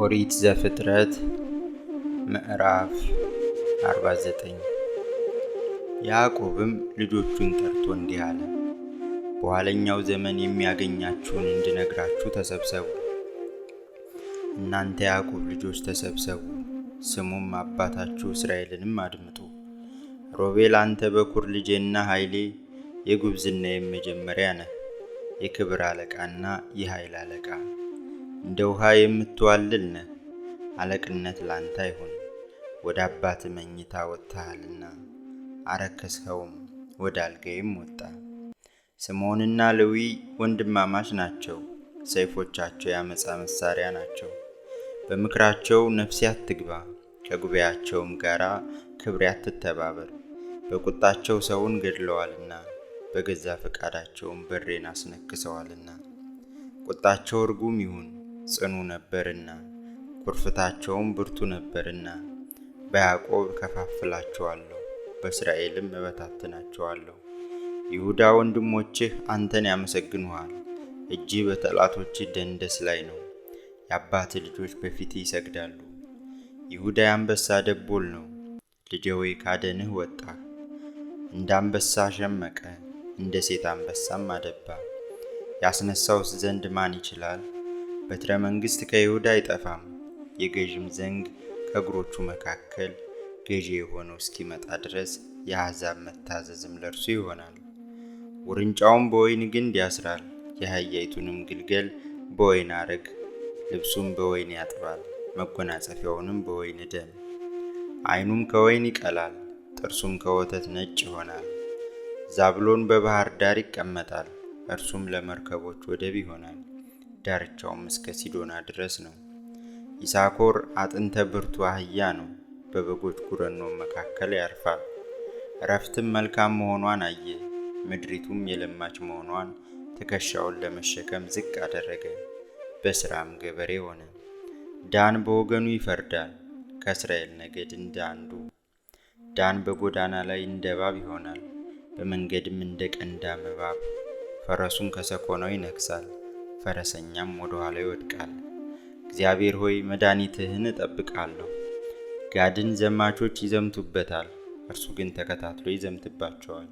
ኦሪት ዘፍጥረት ምዕራፍ 49 ያዕቆብም ልጆቹን ጠርቶ እንዲህ አለ፣ በኋለኛው ዘመን የሚያገኛችሁን እንድነግራችሁ ተሰብሰቡ። እናንተ ያዕቆብ ልጆች ተሰብሰቡ፣ ስሙም አባታችሁ እስራኤልንም አድምጡ። ሮቤል አንተ በኩር ልጄና ኃይሌ የጉብዝና የመጀመሪያ ነህ፣ የክብር አለቃና የኃይል አለቃ እንደ ውሃ የምትዋልል ነህ። አለቅነት ላንተ አይሆን ወደ አባት መኝታ ወጥተሃልና፣ አረከስኸውም ወደ አልጋይም ወጣ። ስምዖንና ሌዊ ወንድማማች ናቸው፣ ሰይፎቻቸው የአመፃ መሳሪያ ናቸው። በምክራቸው ነፍሴ አትግባ፣ ከጉባኤያቸውም ጋር ክብሬ አትተባበር። በቁጣቸው ሰውን ገድለዋልና፣ በገዛ ፈቃዳቸውም በሬን አስነክሰዋልና፣ ቁጣቸው እርጉም ይሁን ጽኑ ነበርና ቁርፍታቸውም ብርቱ ነበርና በያዕቆብ እከፋፍላቸዋለሁ፣ በእስራኤልም እበታትናቸዋለሁ። ይሁዳ ወንድሞችህ አንተን ያመሰግኑሃል። እጅህ በጠላቶች ደንደስ ላይ ነው። የአባት ልጆች በፊት ይሰግዳሉ። ይሁዳ የአንበሳ ደቦል ነው። ልጄ ሆይ ካደንህ ወጣ እንደ አንበሳ ሸመቀ፣ እንደ ሴት አንበሳም አደባ። ያስነሳውስ ዘንድ ማን ይችላል? በትረ መንግሥት ከይሁዳ አይጠፋም፣ የገዥም ዘንግ ከእግሮቹ መካከል ገዢ የሆነው እስኪመጣ ድረስ የአሕዛብ መታዘዝም ለእርሱ ይሆናል። ውርንጫውም በወይን ግንድ ያስራል፣ የአህያይቱንም ግልገል በወይን አረግ፣ ልብሱም በወይን ያጥባል፣ መጎናጸፊያውንም በወይን ደም። ዓይኑም ከወይን ይቀላል፣ ጥርሱም ከወተት ነጭ ይሆናል። ዛብሎን በባሕር ዳር ይቀመጣል፣ እርሱም ለመርከቦች ወደብ ይሆናል። ዳርቻውም እስከ ሲዶና ድረስ ነው። ይሳኮር አጥንተ ብርቱ አህያ ነው፣ በበጎች ጉረኖ መካከል ያርፋል። እረፍትም መልካም መሆኗን አየ፣ ምድሪቱም የለማች መሆኗን ትከሻውን ለመሸከም ዝቅ አደረገ፣ በስራም ገበሬ ሆነ። ዳን በወገኑ ይፈርዳል፣ ከእስራኤል ነገድ እንደ አንዱ። ዳን በጎዳና ላይ እንደ እባብ ይሆናል፣ በመንገድም እንደ ቀንዳም እባብ። ፈረሱን ከሰኮናው ይነክሳል። ፈረሰኛም ወደ ኋላ ይወድቃል። እግዚአብሔር ሆይ መድኃኒትህን እጠብቃለሁ። ጋድን ዘማቾች ይዘምቱበታል፣ እርሱ ግን ተከታትሎ ይዘምትባቸዋል።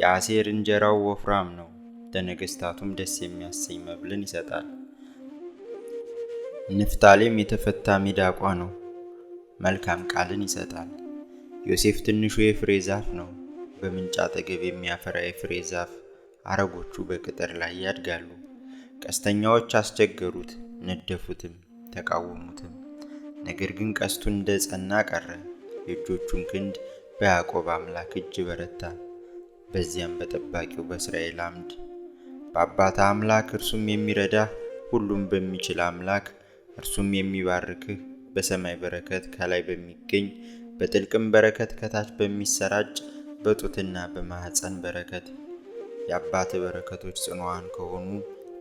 የአሴር እንጀራው ወፍራም ነው፣ ለነገሥታቱም ደስ የሚያሰኝ መብልን ይሰጣል። ንፍታሌም የተፈታ ሚዳቋ ነው፣ መልካም ቃልን ይሰጣል። ዮሴፍ ትንሹ የፍሬ ዛፍ ነው፣ በምንጭ አጠገብ የሚያፈራ የፍሬ ዛፍ አረጎቹ በቅጥር ላይ ያድጋሉ። ቀስተኛዎች አስቸገሩት፣ ነደፉትም፣ ተቃወሙትም። ነገር ግን ቀስቱ እንደ ጸና ቀረ፣ የእጆቹም ክንድ በያዕቆብ አምላክ እጅ በረታ። በዚያም በጠባቂው በእስራኤል አምድ በአባት አምላክ እርሱም የሚረዳህ ሁሉም በሚችል አምላክ እርሱም የሚባርክህ በሰማይ በረከት ከላይ በሚገኝ በጥልቅም በረከት ከታች በሚሰራጭ በጡትና በማኅፀን በረከት የአባት በረከቶች ጽንዋን ከሆኑ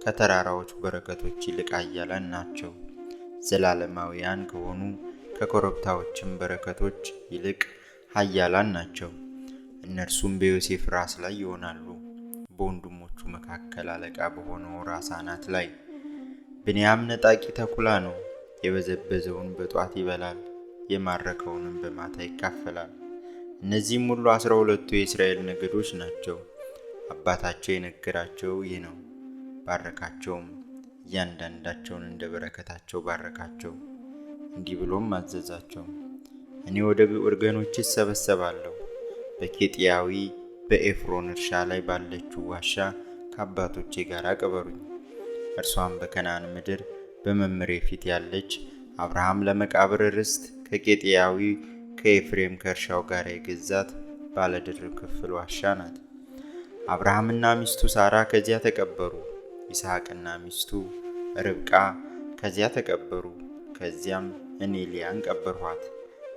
ከተራራዎች በረከቶች ይልቅ ኃያላን ናቸው። ዘላለማውያን ከሆኑ ከኮረብታዎችም በረከቶች ይልቅ ኃያላን ናቸው። እነርሱም በዮሴፍ ራስ ላይ ይሆናሉ፣ በወንድሞቹ መካከል አለቃ በሆነው ራስ አናት ላይ። ብንያም ነጣቂ ተኩላ ነው። የበዘበዘውን በጧት ይበላል፣ የማረከውንም በማታ ይካፈላል። እነዚህም ሁሉ አስራ ሁለቱ የእስራኤል ነገዶች ናቸው። አባታቸው የነገራቸው ይህ ነው። ባረካቸውም፣ እያንዳንዳቸውን እንደ በረከታቸው ባረካቸው። እንዲህ ብሎም አዘዛቸው፣ እኔ ወደ ወገኖች እሰበሰባለሁ በኬጥያዊ በኤፍሮን እርሻ ላይ ባለችው ዋሻ ከአባቶቼ ጋር አቅበሩኝ። እርሷም በከናን ምድር በመምሬ ፊት ያለች አብርሃም ለመቃብር ርስት ከቄጥያዊ ከኤፍሬም ከእርሻው ጋር የገዛት ባለድርብ ክፍል ዋሻ ናት። አብርሃምና ሚስቱ ሳራ ከዚያ ተቀበሩ። ይስሐቅና ሚስቱ ርብቃ ከዚያ ተቀበሩ። ከዚያም እኔ ሊያን ቀበርኋት።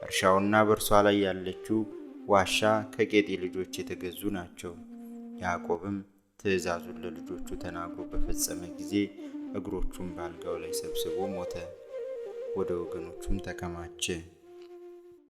እርሻውና በእርሷ ላይ ያለችው ዋሻ ከቄጤ ልጆች የተገዙ ናቸው። ያዕቆብም ትእዛዙን ለልጆቹ ተናግሮ በፈጸመ ጊዜ እግሮቹን በአልጋው ላይ ሰብስቦ ሞተ። ወደ ወገኖቹም ተከማቸ።